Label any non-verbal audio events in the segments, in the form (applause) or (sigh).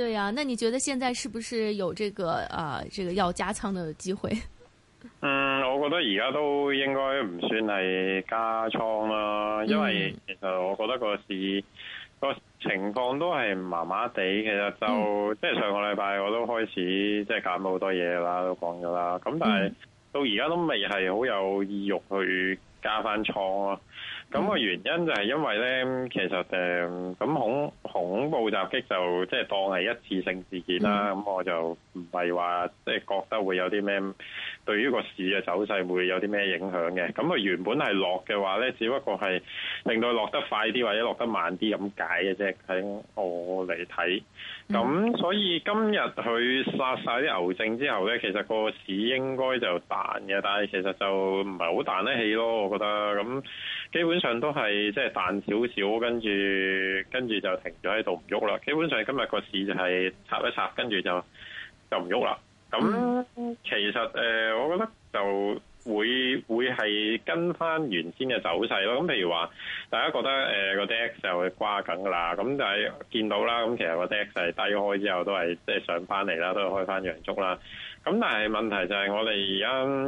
對呀、啊，那你覺得現在是不是有這個，啊、呃、這個要加倉的機會？嗯，我覺得而家都應該唔算係加倉啦，因為其實我覺得個市、嗯、個情況都係麻麻地，其實就、嗯、即係上個禮拜我都開始即係減咗好多嘢啦，都講咗啦。咁但係到而家都未係好有意欲去加翻倉咯。咁個原因就係因為咧，其實誒，咁恐恐怖襲擊就即係當係一次性事件啦。咁、嗯、我就唔係話即係覺得會有啲咩對於個市嘅走勢會有啲咩影響嘅。咁、那、佢、個、原本係落嘅話咧，只不過係令到落得快啲或者落得慢啲咁解嘅啫。喺我嚟睇。咁所以今日佢殺晒啲牛證之後咧，其實個市應該就彈嘅，但係其實就唔係好彈得起咯，我覺得。咁基本上都係即係彈少少，跟住跟住就停咗喺度唔喐啦。基本上今日個市就係插一插，跟住就就唔喐啦。咁其實誒、呃，我覺得就～會係跟翻原先嘅走勢咯，咁譬如話，大家覺得誒個跌就掛緊啦，咁就係見到啦，咁其實個跌係低開之後都係即係上翻嚟啦，都係、就是、開翻陽燭啦，咁但係問題就係我哋而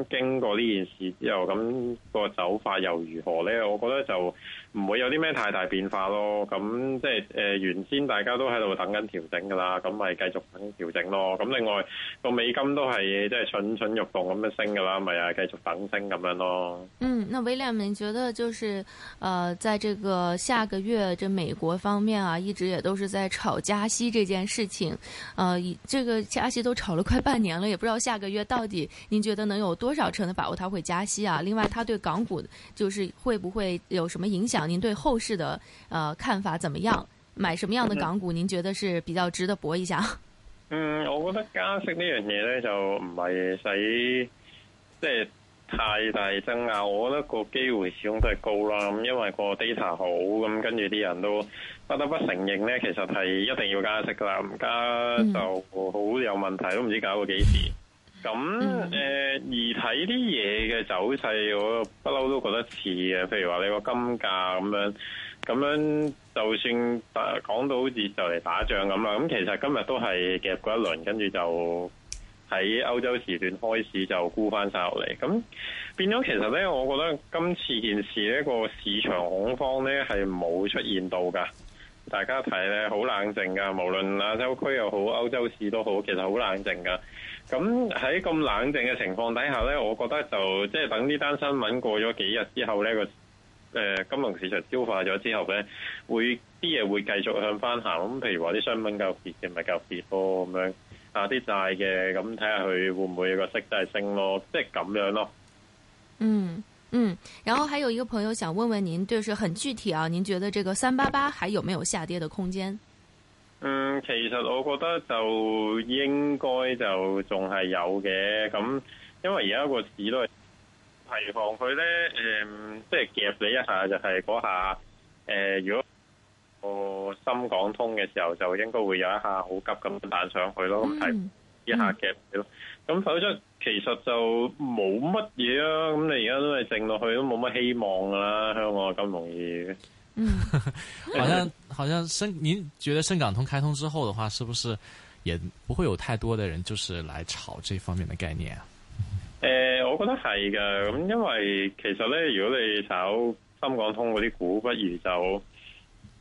家經過呢件事之後，咁、那個走法又如何咧？我覺得就。唔會有啲咩太大變化咯，咁即係誒原先大家都喺度等緊調整噶啦，咁咪繼續等調整咯。咁另外個美金都係即係蠢蠢欲動咁樣升噶啦，咪啊繼續等升咁樣咯。嗯，那威廉，您覺得就是、呃、在這個下個月，這美國方面啊，一直也都是在炒加息這件事情，誒、呃，以這個加息都炒了快半年了，也不知道下個月到底您覺得能有多少成的把握，它會加息啊？另外，它對港股就是會不會有什麼影響？您對後市的，呃，看法怎麼樣？買什麼樣的港股？嗯、您覺得是比較值得搏一下？嗯，我覺得加息呢樣嘢咧就唔係使，即係太大爭拗。我覺得個機會始終都係高啦，咁因為個 data 好，咁跟住啲人都不得不承認咧，其實係一定要加息噶啦，唔加就好有問題，都唔知搞到幾時。嗯咁誒、呃，而睇啲嘢嘅走勢，我不嬲都覺得似啊。譬如話你個金價咁樣咁樣，樣就算講到好似就嚟打仗咁啦。咁其實今日都係夾過一輪，跟住就喺歐洲時段開始就沽翻晒落嚟。咁變咗，其實咧，我覺得今次件事呢個市場恐慌咧係冇出現到㗎。大家睇咧好冷靜㗎，無論亞洲區又好，歐洲市都好，其實好冷靜㗎。咁喺咁冷靜嘅情況底下咧，我覺得就即係等呢單新聞過咗幾日之後咧，個誒金融市場消化咗之後咧，會啲嘢會繼續向翻行。咁譬如話啲商品夠跌嘅咪夠跌咯，咁樣啊啲債嘅，咁睇下佢會唔會個息都係升咯，即係咁樣咯。嗯嗯，然後還有一個朋友想問問您，就是很具體啊，您覺得這個三八八還有沒有下跌嘅空間？嗯，其實我覺得就應該就仲係有嘅，咁因為而家個市都係提防佢咧，誒、嗯，即係夾你一下就係嗰下，誒、呃，如果個深港通嘅時候就應該會有一下好急咁彈上去咯，咁提一下夾你咯，咁、嗯嗯、否則其實就冇乜嘢啊，咁你而家都係靜落去都冇乜希望噶啦，香港係咁容易。 (laughs) 我聽 (laughs) 好像深，您覺得深港通開通之後的話，是不是也不會有太多的人，就是來炒這方面的概念啊？誒、呃，我覺得係噶，咁因為其實咧，如果你炒深港通嗰啲股，不如就誒、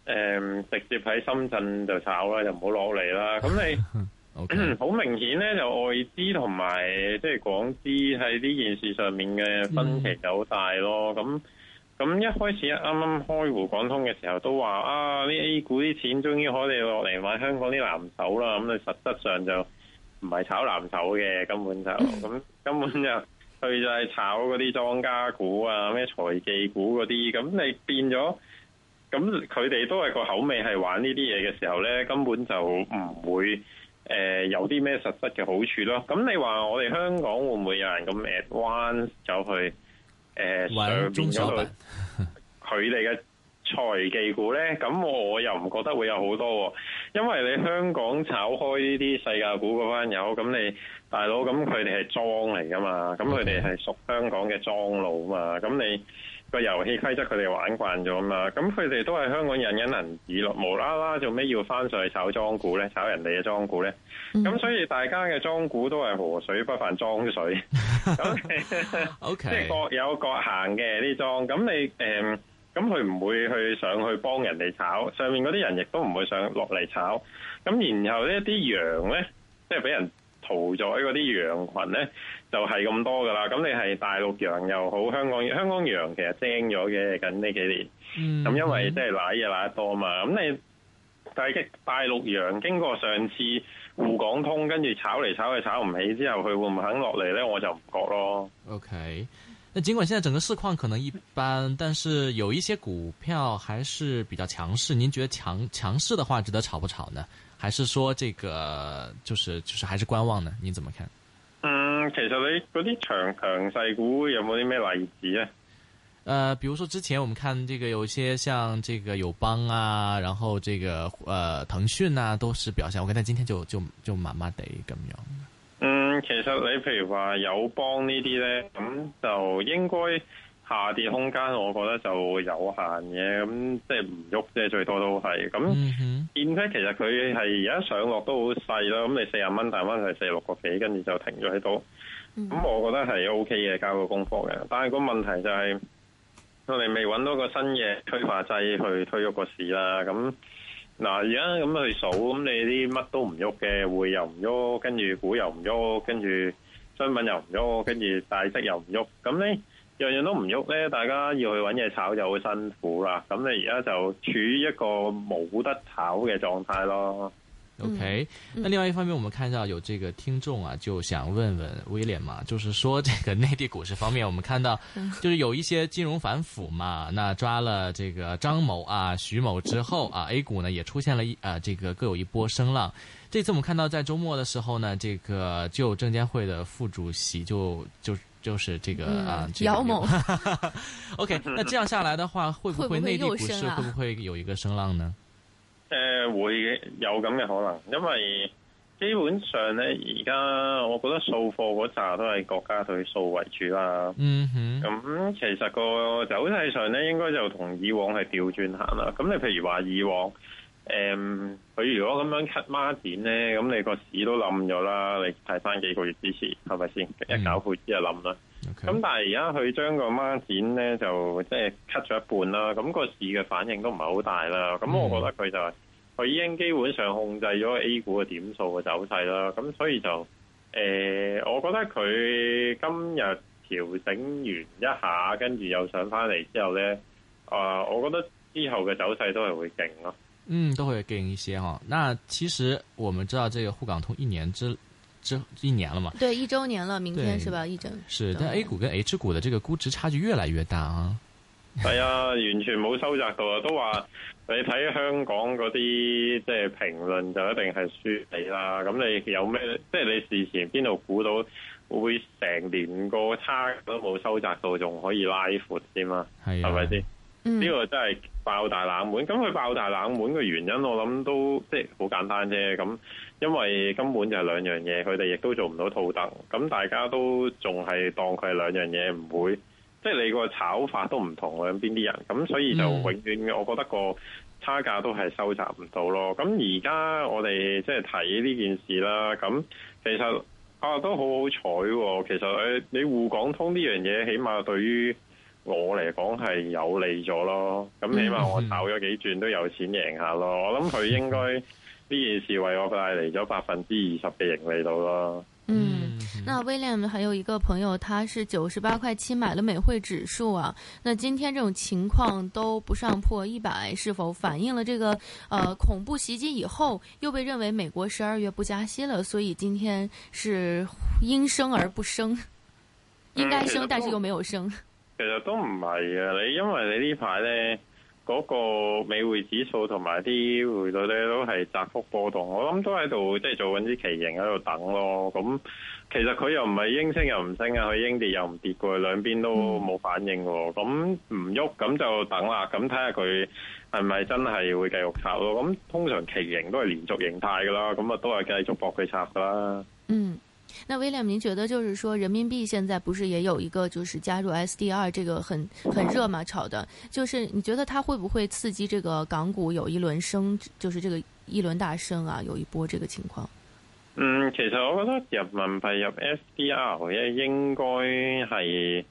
呃、直接喺深圳就炒啦，就唔好攞嚟啦。咁你好 (laughs) Okay. 明顯咧，就外資同埋即係港資喺呢件事上面嘅分歧就好大咯。咁、嗯咁一開始剛剛開的時候都說啊，啱啱開滬港通嘅時候都話啊，啲 A 股啲錢終於可以落嚟買香港啲藍籌啦。咁你實質上就唔係炒藍籌嘅，根本就咁根本就佢就係炒嗰啲莊家股啊，咩財技股嗰啲。咁你變咗咁佢哋都係個口味係玩呢啲嘢嘅時候咧，根本就唔會誒、呃、有啲咩實質嘅好處咯。咁你話我哋香港會唔會有人咁 at one 走去？誒，上邊佢哋嘅財技股咧，咁我又唔覺得會有好多，因為你香港炒開呢啲世界股嗰班友，咁你大佬，咁佢哋係莊嚟噶嘛，咁佢哋係屬香港嘅莊老啊嘛，咁你。個遊戲規則佢哋玩慣咗嘛，咁佢哋都係香港人引人耳目，無啦啦做咩要翻上去炒莊股咧？炒人哋嘅莊股咧？咁、嗯、所以大家嘅莊股都係河水不犯莊水，即係各有各行嘅呢莊。咁你誒咁佢唔會去上去幫人哋炒，上面嗰啲人亦都唔會上落嚟炒。咁然後一呢啲羊咧，即係俾人。屠咗嗰啲羊群咧，就係咁多噶啦。咁你係大陸羊又好，香港香港羊其實精咗嘅，近呢幾年。咁因為即係奶嘢奶得多嘛。咁你但係，大陸羊經過上次滬港通，跟住炒嚟炒去炒唔起之後，佢會唔肯落嚟咧？我就唔覺咯。OK，那盡管現在整個市況可能一般，但是有一些股票還是比較強勢。您覺得強強勢的話，值得炒不炒呢？還是說這個就是就是還是觀望呢？你怎麼看？嗯，其實你嗰啲長強細股有冇啲咩例子啊？呃，比如說之前我們看這個有一些像這個友邦啊，然後這個呃騰訊啊，都是表現，我覺得今天就就就麻麻哋咁樣。嗯，其實你譬如話友邦這些呢啲咧，咁就應該。下跌空間我覺得就有限嘅，咁即係唔喐，即係最多都係咁。電車、嗯、哼其實佢係而家上落都好細啦，咁你四廿蚊彈翻係四六個幾，跟住就停咗喺度。咁我覺得係 OK 嘅，交個功課嘅。但係個問題就係、是、我哋未搵到個新嘅催化劑去推喐個市啦。咁嗱，而家咁去數，咁你啲乜都唔喐嘅，匯又唔喐，跟住股又唔喐，跟住商品又唔喐，跟住大息又唔喐，咁咧。樣樣都唔喐咧，大家要去揾嘢炒就好辛苦啦。咁你而家就處於一個冇得炒嘅狀態咯。OK，那另外一方面，我們看到有這個聽眾啊，就想問問威廉嘛，就是說這個內地股市方面，我們看到就是有一些金融反腐嘛，那抓了這個張某啊、徐某之後啊，A 股呢也出現了一啊，這個各有一波聲浪。這次我們看到在週末的時候呢，這個就證監會的副主席就就。就是這個啊，嗯這個、姚某 (laughs) ，OK， (laughs) 那這樣下來的話， (laughs) 會不會內地股市會不會有一個聲浪呢？誒、呃，會有咁嘅可能，因為基本上咧，而家我覺得掃貨嗰扎都係國家隊掃為主啦。嗯哼，咁其實個走勢上咧，應該就同以往係調轉行啦。咁你譬如話以往。誒，佢、嗯、如果咁樣 cut 孖展咧，咁你個市都冧咗啦。你睇翻幾個月之前係咪先一搞配之後冧啦？咁、嗯 okay。但係而家佢將個孖展咧就即係 cut 咗一半啦。咁、那個市嘅反應都唔係好大啦。咁我覺得佢就係佢、嗯、已經基本上控制咗 A 股嘅點數嘅走勢啦。咁所以就誒、呃，我覺得佢今日調整完一下，跟住又上翻嚟之後咧、呃，我覺得之後嘅走勢都係會勁咯。嗯，都會勁一些哈。那其實我們知道這個滬港通一年之之一年了嘛。對，一周年了，明天是吧？對一整是，但 A 股跟 H 股的這個估值差距越來越大啊。係啊，完全冇收窄噶，都話你睇香港嗰啲即係評論就一定係輸你啦。咁你有咩？即係你事前邊度估到會成年個差都冇收窄到，仲可以拉闊添啊？係係咪先？呢、嗯、個真係爆大冷門，咁佢爆大冷門嘅原因我想，我諗都即係好簡單啫。咁因為根本就係兩樣嘢，佢哋亦都做唔到套戥，咁大家都仲係當佢係兩樣嘢，唔會即係你個炒法都唔同嘅邊啲人，咁所以就永遠嘅，我覺得個差價都係收集唔到咯。咁而家我哋即係睇呢件事啦。咁其實啊，都好好彩喎。其實誒、哎，你滬港通呢樣嘢，起碼對於我嚟講係有利咗咯，咁起碼我炒咗幾轉都有錢贏下咯。嗯、我諗佢應該呢件事為我帶嚟咗百分之二十嘅盈利度咯。嗯，那 William，還有一個朋友，他是九十八塊七買了美匯指數啊。那今天這種情況都不上破一百，是否反映了這個？呃，恐怖襲擊以後又被認為美國十二月不加息了，所以今天是應升而不升，應該升、嗯、但是又沒有升。嗯 okay, (laughs) 其實都唔係啊，你因為你呢排咧嗰個美匯指數同埋啲匯率咧都係窄幅波動，我諗都喺度即係做緊啲旗形喺度等咯。咁其實佢又唔係應升又唔升啊，佢應跌又唔跌過，兩邊都冇反應喎。咁唔喐咁就等啦。咁睇下佢係咪真係會繼續炒咯？咁通常旗形都係連續形態噶啦，咁啊都係繼續搏佢炒噶啦。嗯。那威廉，您覺得就是說人民幣現在不是也有一個就是加入 SDR 這個很很熱嘛，炒的，就是你覺得它會不會刺激這個港股有一輪升，就是這個一輪大升啊，有一波這個情況？嗯，其實我覺得人民幣入 SDR 咧應該係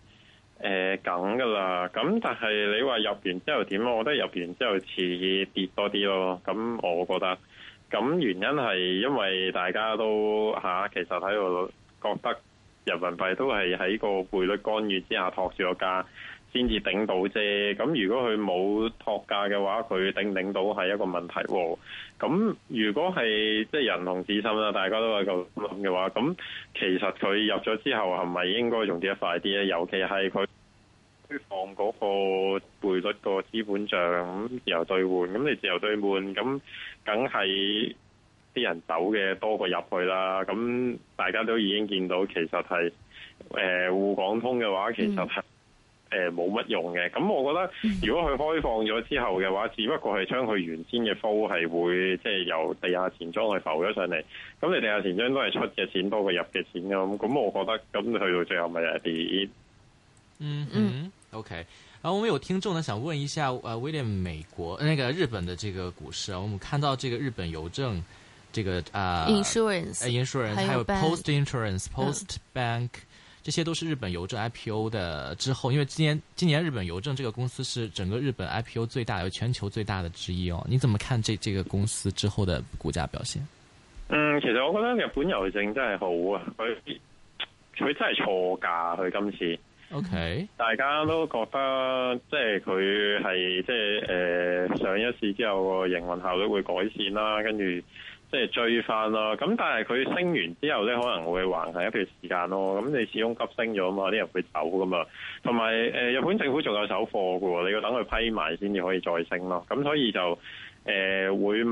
誒梗㗎喇，咁、呃、但係你話入完之後點？我覺得入完之後似跌多啲咯，咁我覺得。咁原因係因為大家都吓、啊、其實喺度覺得人民幣都係喺個匯率干預之下托住個價，先至頂到啫。咁如果佢冇托價嘅話，佢頂唔頂到係一個問題喎。咁、啊、如果係即係人同此心啦，大家都係咁諗嘅話，咁其實佢入咗之後係咪應該用啲得快啲咧？尤其係佢。放嗰個匯率個資本帳，咁自由兌換，咁你自由兌換咁，梗係啲人走嘅多過入去啦。咁大家都已經見到，其實係誒滬港通嘅話，其實係誒冇乜用嘅。咁我覺得如果佢開放咗之後嘅話，只不過係將佢原先嘅 flow 係會即係、就是、由地下錢莊去浮咗上嚟。咁你地下是錢莊都係出嘅錢多過入嘅錢咁，咁我覺得咁去到最後咪係點？嗯哼嗯。OK，然後我們有聽眾呢，想問一下，呃，William，美國那個日本的這個股市啊，我們看到這個日本郵政，這個、呃、insurance，啊，insurance，i n s u r a n c e 還有 post insurance，post bank，、嗯、這些都是日本郵政 IPO 的之後，因為今年今年日本郵政這個公司是整個日本 IPO 最大，有全球最大的之一哦。你怎麼看這這個公司之後的股價表現？嗯，其實我覺得日本郵政真係好啊，佢佢真係錯價，佢今次。O.K. 大家都覺得即係佢係即係上一次之後個營運效率會改善啦，跟住即係追翻啦。咁但係佢升完之後咧，可能會橫行一段時間咯。咁你始終急升咗嘛，啲人會走噶嘛。同埋、呃、日本政府仲有手貨㗎喎，你要等佢批埋先至可以再升咯。咁所以就誒、呃、會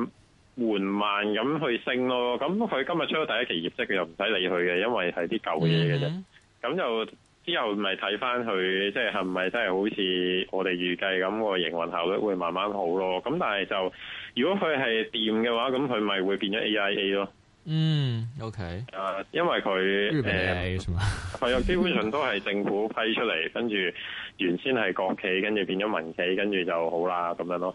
緩慢咁去升咯。咁佢今日出咗第一期業績，佢又唔使理佢嘅，因為係啲舊嘢嘅啫。咁 Yeah. 就。之後咪睇翻佢，即係係唔係真係好似我哋預計咁個營運效率會慢慢好咯。咁但係就如果佢係掂嘅話，咁佢咪會變咗 AIA 咯。嗯，OK。啊，因為佢誒係啊，備呃、佢基本上都係政府批出嚟，跟住 (laughs) 原先係國企，跟住變咗民企，跟住就好啦咁樣咯。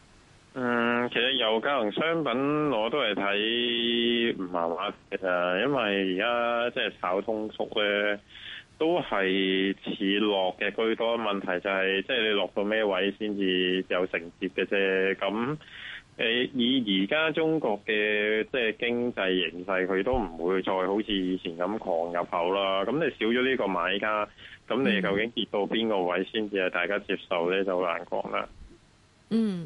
嗯，其實油價同商品，我都係睇唔麻麻嘅，其實因為而家即係炒通縮咧，都係似落嘅居多。問題就係、是、即係你落到咩位先至有承接嘅啫。咁誒，以而家中國嘅即係經濟形勢，佢都唔會再好似以前咁狂入口啦。咁你少咗呢個買家，咁你究竟跌到邊個位先至係大家接受咧，就好難講啦。嗯。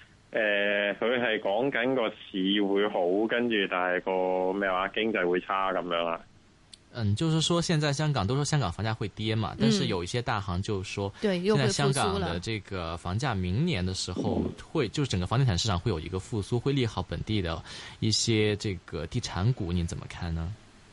誒，佢係講緊個市會好，跟住但係個咩話經濟會差咁樣啦。嗯，就是說，現在香港都說香港房價會跌嘛，嗯、但是有一些大行就說，對，現在香港的這個房價明年的時候會，會會就是整個房地產市場會有一個復甦，嗯、會利好本地的一些這個地產股，你怎麼看呢？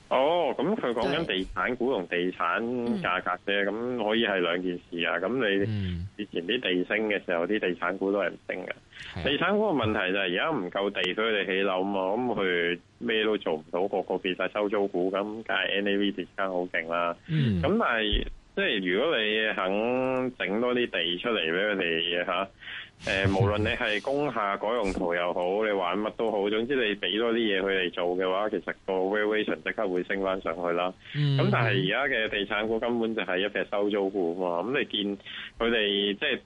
哦，咁佢講緊地產股同地產價格啫，咁對、嗯、可以係兩件事啊。咁你、嗯、以前啲地升嘅時候，啲地產股都係唔升嘅。的地產股嘅問題就係而家唔夠地俾佢哋起樓嘛，咁佢咩都做唔到，各個個變晒收租股，咁梗係 N A V 跌翻好勁啦。咁、嗯、但係即係如果你肯整多啲地出嚟俾佢哋吓，誒，無論你係工廈改用途又好，你玩乜都好，總之你俾多啲嘢佢哋做嘅話，其實個 valuation 即刻會升翻上去啦。咁、嗯、但係而家嘅地產股根本就係一隻收租股嘛，咁你見佢哋即係。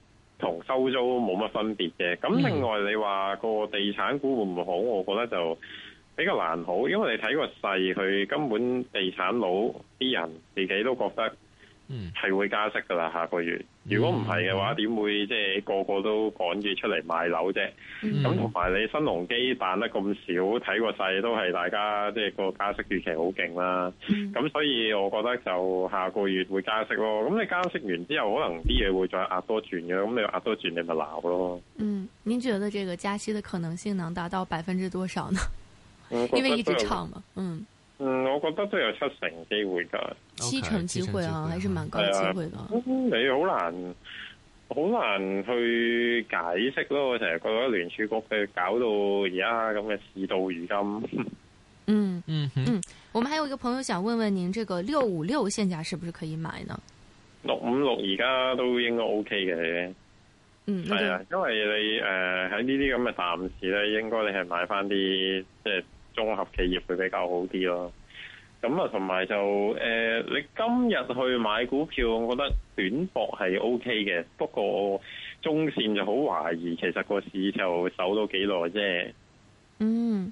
同收租冇乜分別嘅，咁另外你話個地產股會唔會好？我覺得就比較難好，因為你睇個勢，佢根本地產佬啲人自己都覺得。係、嗯、會加息噶啦，下個月。如果唔係嘅話，點、嗯、會即係個個都趕住出嚟買樓啫？咁同埋你新龍基彈得咁少，睇個勢都係大家即係個加息預期好勁啦。咁、嗯、所以我覺得就下個月會加息咯。咁你加息完之後，可能啲嘢會再壓多轉嘅。咁你壓多轉，你咪鬧咯。嗯，您覺得這個加息的可能性能達到百分之多少呢？因為一直唱嘛，嗯。嗯，我覺得都有七成機會噶，okay，七成機會啊，還是蠻高機會噶、嗯。你好難，好難去解釋咯。成日覺得聯儲局佢搞到而家咁嘅，事到如今。嗯嗯嗯，我們還有一個朋友想問問您，這個六五六現價是不是可以買呢？六五六而家都應該 OK 嘅。嗯，係、嗯、啊，因為你誒喺呢啲咁嘅暫時咧，應該你係買翻啲即係綜合企業會比較好啲咯。咁啊，同埋就誒、呃，你今日去買股票，我覺得短搏係 O K 嘅，不過中線就好懷疑，其實個市就守到幾耐啫。嗯。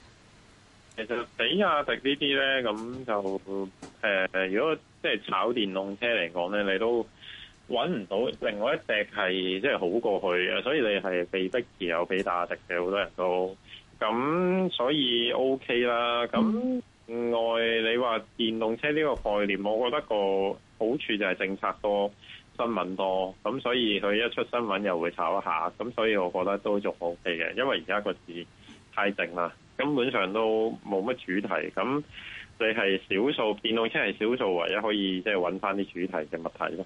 其實比亞迪這些呢啲咧，咁就誒、呃，如果即係炒電動車嚟講咧，你都搵唔到另外一隻係即係好過佢。所以你係被逼持有比亞迪嘅好多人都，咁所以 OK 啦。咁另外你話電動車呢個概念，我覺得個好處就係政策多，新聞多，咁所以佢一出新聞又會炒一下，咁所以我覺得都仲 OK 嘅，因為而家個市太靜啦。根本上都冇乜主題，咁你係少數電動車係少數唯一可以即係揾翻啲主題嘅物體咯。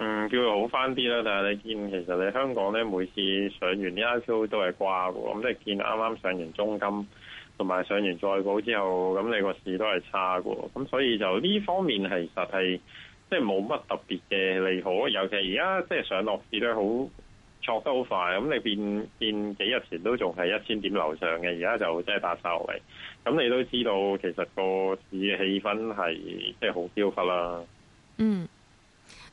嗯，叫佢好翻啲啦，但係你見其實你香港咧每次上完呢 IPO 都係掛喎，咁即係見啱啱上完中金同埋上完再保之後，咁你個市都係差喎。咁所以就呢方面其實係即係冇乜特別嘅利好，尤其而家即係上落市都好挫得好快，咁你變變幾日前都仲係一千點樓上嘅，而家就即係打晒落嚟，咁你都知道其實個市嘅氣氛係即係好消極啦。嗯。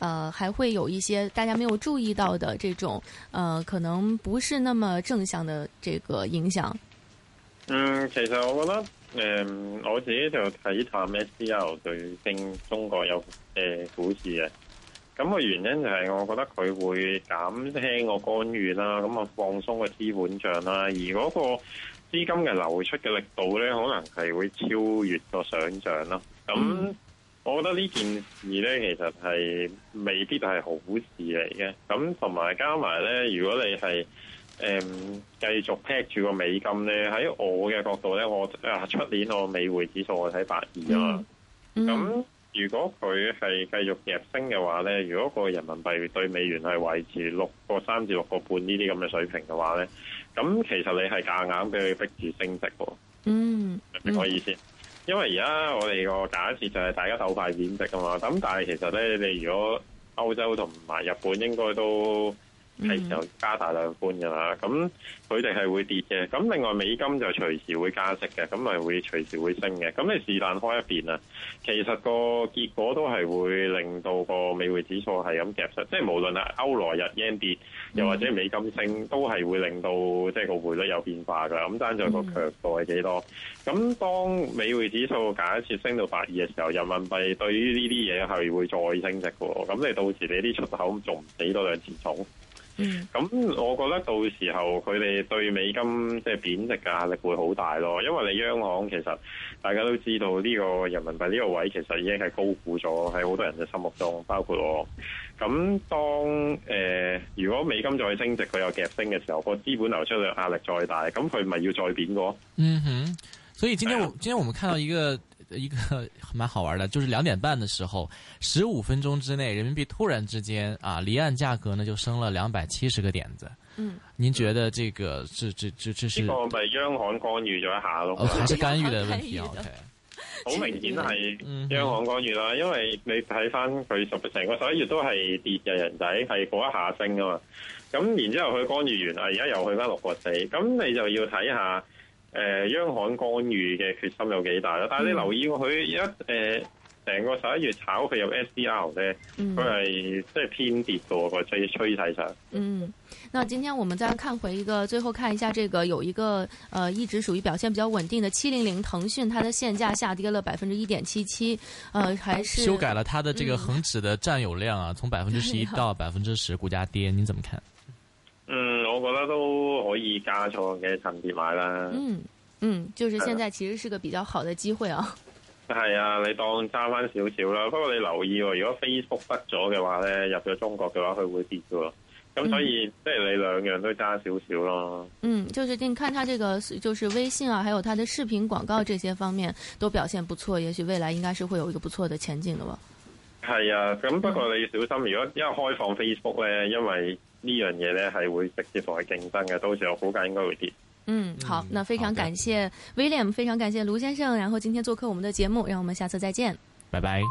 呃，還會有一些大家沒有注意到的這種，呃，可能不是那麼正向的這個影響。嗯，其實我覺得，誒、嗯，我自己就睇淡 SDR 對正中國有誒、呃、股市嘅。咁、那個原因就係，我覺得佢會減輕個干預啦，咁啊放鬆個資本賬啦，而嗰個資金嘅流出嘅力度咧，可能係會超越個想象咯。咁。嗯我覺得呢件事咧，其實係未必係好事嚟嘅。咁同埋加埋咧，如果你係誒、嗯、繼續 peg 住個美金咧，喺我嘅角度咧，我啊出年我美匯指數我睇百二啊嘛。咁如果佢係繼續夾升嘅話咧，如果，如果個人民幣對美元係維持六個三至六個半呢啲咁嘅水平嘅話咧，咁其實你係夾硬俾佢逼住升值喎、嗯。嗯，明唔明我意思？因為而家我哋個假設就係大家受快貶值啊嘛，咁但係其實咧，你如果歐洲同埋日本應該都。係時候加大量寬㗎啦，咁佢哋係會跌嘅。咁另外美金就隨時會加息嘅，咁咪會隨時會升嘅。咁你是但開一邊啊，其實個結果都係會令到個美匯指數係咁夾實，即係無論啊歐羅日 yen 跌又或者美金升，mm hmm. 都係會令到即係、就是、個匯率有變化㗎。咁爭就個強度係幾多？咁、mm hmm. 當美匯指數假設升到百二嘅時候，人民幣對於呢啲嘢係會再升值㗎喎。咁你到時你啲出口仲唔死多兩次重？咁我覺得到時候佢哋對美金即係貶值嘅壓力會好大咯，因為你央行其實大家都知道呢個人民幣呢個位其實已經係高估咗喺好多人嘅心目中，包括我。咁當、呃、如果美金再升值，佢又夾升嘅時候，個資本流出嘅壓力再大，咁佢咪要再貶過？嗯哼，所以今天我， (laughs) 今天我們看到一個一個蠻好玩嘅，就是兩點半的時候，十五分鐘之內，人民幣突然之間啊，離岸價格呢就升咗兩百七十個點子。嗯，您覺得這個這這這這是？這，這，這，這，這，這，這個咪央行干預咗一下咯、哦？還是干預的問題的？OK 好明顯係央行干預啦，嗯、因為你睇翻佢十成個十一月都係跌人仔，係嗰一下升噶嘛。咁然之後佢干預完啊，而家又去翻六個四，咁你就要睇下。呃，央行干預嘅決心有幾大，但係你留意佢、嗯、一呃成個十一月炒佢入 SDR 咧，佢係即係偏跌嘅，佢最趨勢上。嗯，那今天我們再看回一個，最後看一下這個有一個，呃一直屬於表現比較穩定的七零零騰訊，它的現價下跌了百分之一點七七，呃還是修改了它的這個恒指的佔有量啊，嗯、從百分之十一到百分之十，股價跌，你怎麼看？嗯，我覺得都。可以加倉嘅層次買啦。嗯嗯，就是現在其實是個比較好的機會啊。係啊，啊，你當揸翻少少啦。不過你留意、哦，如果 Facebook 得咗嘅話咧，入咗中國嘅話它，佢會跌咯。咁所以即係、嗯、你兩樣都揸少少咯。嗯，就是你看，他這個就是微信啊，還有他的視頻廣告這些方面都表現不錯，也許未來應該是會有一個不錯的前景吧係、哦、啊，咁不過你要小心，嗯、如果因為開放 Facebook 咧，因為。呢樣嘢咧，係會直接同佢競爭嘅，到時候股價應該會跌。嗯，好，那非常感謝 William、嗯、非常感謝盧先生，的然後今天做客我們的節目，讓我們下次再見，拜拜。